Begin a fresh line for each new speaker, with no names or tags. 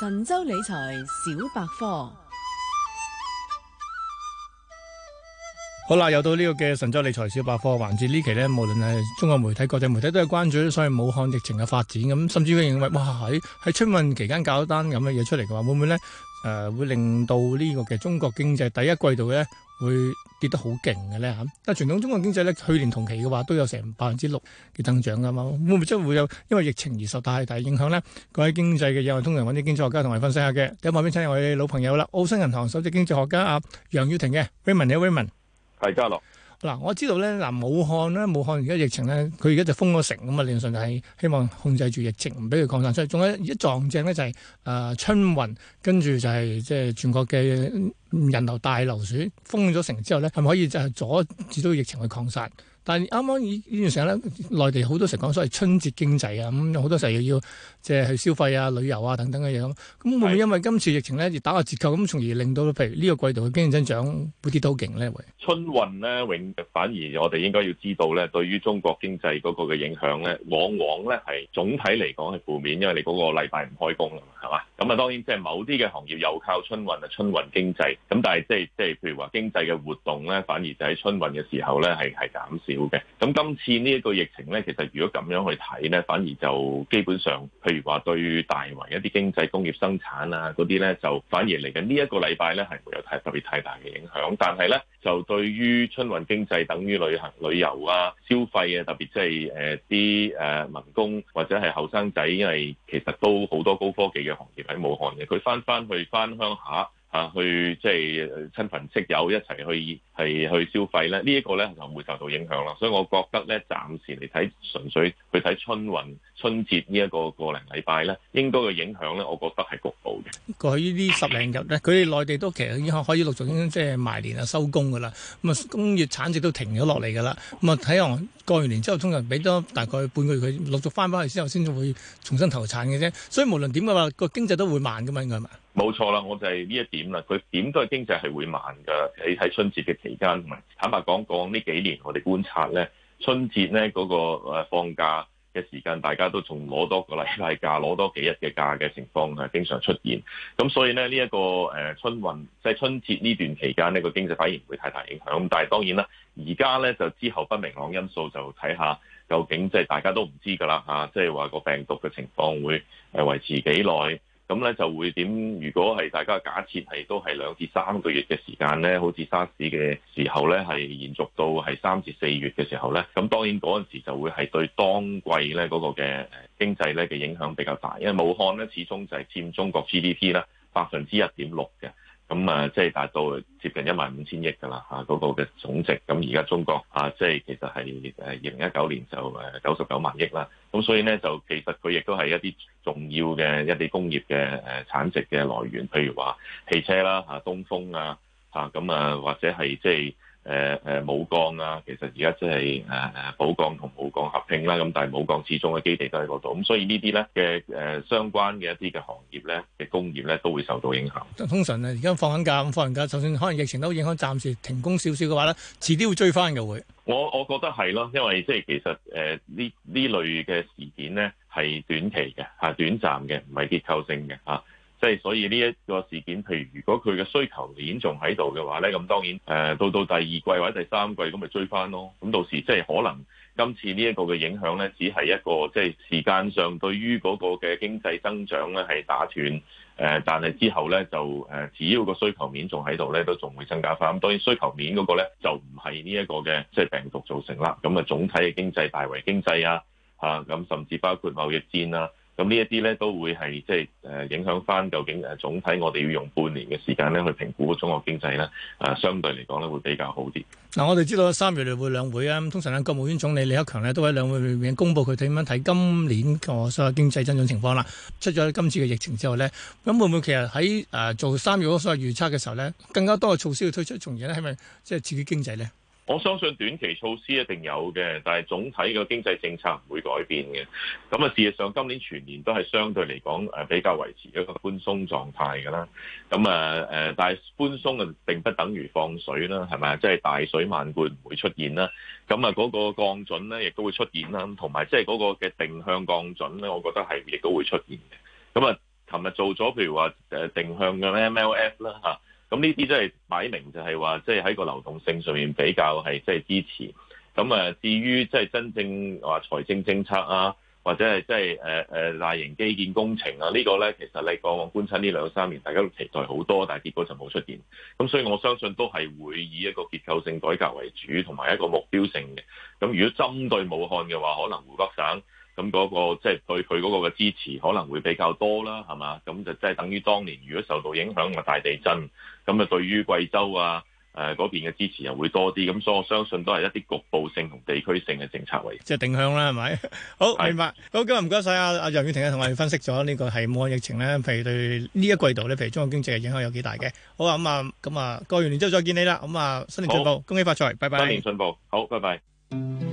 神州理財小百科。好啦，又到呢個嘅神州理財小百科環節。呢期呢，無論係中國媒體、國際媒體都係關注所謂武漢疫情嘅發展咁，甚至會認為哇喺春運期間搞單咁嘅嘢出嚟嘅話，會唔會呢？誒、呃、會令到呢個嘅中國經濟第一季度呢會跌得好勁嘅呢？嚇？但傳統中國經濟呢，去年同期嘅話都有成百分之六嘅增長㗎嘛，會唔會真係會有因為疫情而受大大影響呢？各位經濟嘅嘢，通常揾啲經濟學家同我哋分析下嘅。第一個邊請嚟我哋老朋友啦，澳新銀行首席經濟學家阿楊宇霆嘅 Raymond。係加嗱，我知道咧嗱，武漢咧，武漢而家疫情咧，佢而家就封咗城咁啊，理論上就係希望控制住疫情，唔俾佢擴散出去。仲有一,一撞正咧、就是，呃、就係誒春運，跟住就係即係全國嘅人流大流水，封咗城之後咧，係咪可以就係阻止到疫情去擴散？但啱啱呢段時間咧，內地好多時講所謂春節經濟啊，咁好多時又要即係去消費啊、旅遊啊等等嘅嘢咁。咁會唔會因為今次疫情咧，亦打下折扣，咁從而令到譬如呢個季度嘅經濟增長會跌得好勁咧？會
春運咧，永反而我哋應該要知道咧，對於中國經濟嗰個嘅影響咧，往往咧係總體嚟講係負面，因為你嗰個禮拜唔開工啦嘛，係嘛？咁啊，當然即係某啲嘅行業又靠春運啊、春運經濟，咁但係即係即係譬如話經濟嘅活動咧，反而就喺春運嘅時候咧係係減少。嘅，咁今次呢一個疫情咧，其實如果咁樣去睇咧，反而就基本上，譬如話對於大圍一啲經濟、工業生產啊嗰啲咧，就反而嚟緊呢一個禮拜咧，係沒有太特別太大嘅影響。但係咧，就對於春運經濟，等於旅行、旅遊啊、消費啊，特別即係啲誒民工或者係後生仔，因為其實都好多高科技嘅行業喺武漢嘅，佢翻翻去翻鄉下。嚇、啊、去即係親朋戚友一齊去去消費咧，這個、呢一個咧就會會受到影響啦。所以我覺得咧，暫時嚟睇純粹去睇春運春節，這個、呢一個個零禮拜咧，應該嘅影響咧，我覺得係局部嘅。
過去呢十零日咧，佢哋內地都其實已經可以陸續已經即係埋年啊收工㗎啦。咁啊，工業產值都停咗落嚟㗎啦。咁啊，睇下。過完年之後，通常俾多大概半個月佢陸續翻翻去之後，先會重新投產嘅啫。所以無論點嘅話，個經濟都會慢噶嘛，應該係嘛？
冇錯啦，我就係呢一點啦。佢點都係經濟係會慢噶。你喺春節嘅期間，同埋坦白講講呢幾年我哋觀察咧，春節咧嗰個誒放假嘅時間，大家都仲攞多個禮拜假，攞多幾日嘅假嘅情況係經常出現。咁所以咧，呢、這、一個誒春運即係、就是、春節呢段期間呢，那個經濟反而唔會太大影響。咁但係當然啦，而家咧就之後不明朗因素就睇下究竟即係大家都唔知㗎啦嚇，即係話個病毒嘅情況會誒維持幾耐。咁咧就會點？如果係大家假設係都係兩至三個月嘅時間咧，好似沙士嘅時候咧，係延續到係三至四月嘅時候咧，咁當然嗰陣時就會係對當季咧嗰個嘅誒經濟咧嘅影響比較大，因為武漢咧始終就係佔中國 GDP 啦百分之一點六嘅。咁啊，即係達到接近一萬五千億㗎啦，嚇嗰個嘅總值。咁而家中國啊，即係其實係誒二零一九年就誒九十九萬億啦。咁所以咧，就其實佢亦都係一啲重要嘅一啲工業嘅誒產值嘅來源，譬如話汽車啦，嚇東風啊，嚇咁啊，或者係即係。誒誒武鋼啊，其實而家即係誒誒寶鋼同武鋼合併啦，咁但係武鋼始終嘅基地都喺嗰度，咁所以呢啲咧嘅誒相關嘅一啲嘅行業咧嘅工業咧都會受到影響。
通常啊，而家放緊假，咁放完假，就算可能疫情都影響暫時停工少少嘅話咧，遲啲會追翻嘅會。
我我覺得係咯，因為即係其實誒呢呢類嘅事件咧係短期嘅嚇、短暫嘅，唔係結構性嘅嚇。啊即係所以呢一個事件，譬如如果佢嘅需求面仲喺度嘅話咧，咁當然誒到到第二季或者第三季咁咪追翻咯。咁到時即係、就是、可能今次呢一個嘅影響咧，只係一個即係時間上對於嗰個嘅經濟增長咧係打斷誒，但係之後咧就誒只要個需求面仲喺度咧，都仲會增加翻。咁當然需求面嗰個咧就唔係呢一個嘅即係病毒造成啦。咁啊總體嘅經濟大圍經濟啊咁、啊，甚至包括貿易戰啊。咁呢一啲咧都會係即係影響翻究竟誒總體我哋要用半年嘅時間咧去評估中國經濟呢、呃、相對嚟講咧會比較好啲。
嗱、啊，我哋知道三月嚟會兩會啊，通常咧，國務院總理李克強咧都喺兩會裏面公布佢點樣睇今年個所有經濟增長情況啦。出咗今次嘅疫情之後咧，咁會唔會其實喺、呃、做三月嗰所有預測嘅時候咧，更加多嘅措施要推出從而咧，係咪即係刺激經濟咧？
我相信短期措施一定有嘅，但係總體嘅經濟政策唔會改變嘅。咁啊，事實上今年全年都係相對嚟講誒比較維持一個寬鬆狀態㗎啦。咁啊誒，但係寬鬆啊並不等於放水啦，係咪？即係大水漫灌唔會出現啦。咁啊，嗰個降準咧亦都會出現啦。同埋即係嗰個嘅定向降準咧，我覺得係亦都會出現嘅。咁啊，琴日做咗譬如話誒定向嘅 MLF 啦嚇。咁誒，呢啲即係擺明就係話，即係喺個流動性上面比較係即係支持。咁至於即係真正話財政政策啊，或者係即係誒誒大型基建工程啊，呢個呢，其實你過往觀察呢兩三年，大家都期待好多，但係結果就冇出現。咁所以我相信都係會以一個結構性改革為主，同埋一個目標性嘅。咁如果針對武漢嘅話，可能湖北省。咁嗰、那個即係、就是、對佢嗰個嘅支持可能會比較多啦，係嘛？咁就即係等於當年如果受到影響咪大地震，咁啊對於貴州啊誒嗰邊嘅支持又會多啲，咁所以我相信都係一啲局部性同地區性嘅
政策為即係定向啦，係咪？好，是明白。好，今日唔該晒阿阿楊宇霞同我哋分析咗呢個係武漢疫情咧，譬如對呢一季度咧，譬如中國經濟嘅影響有幾大嘅。好啊，咁啊，咁啊，過完年之後再見你啦。咁啊，新年進步，好恭
喜發財，拜拜。新年進步，好，拜拜。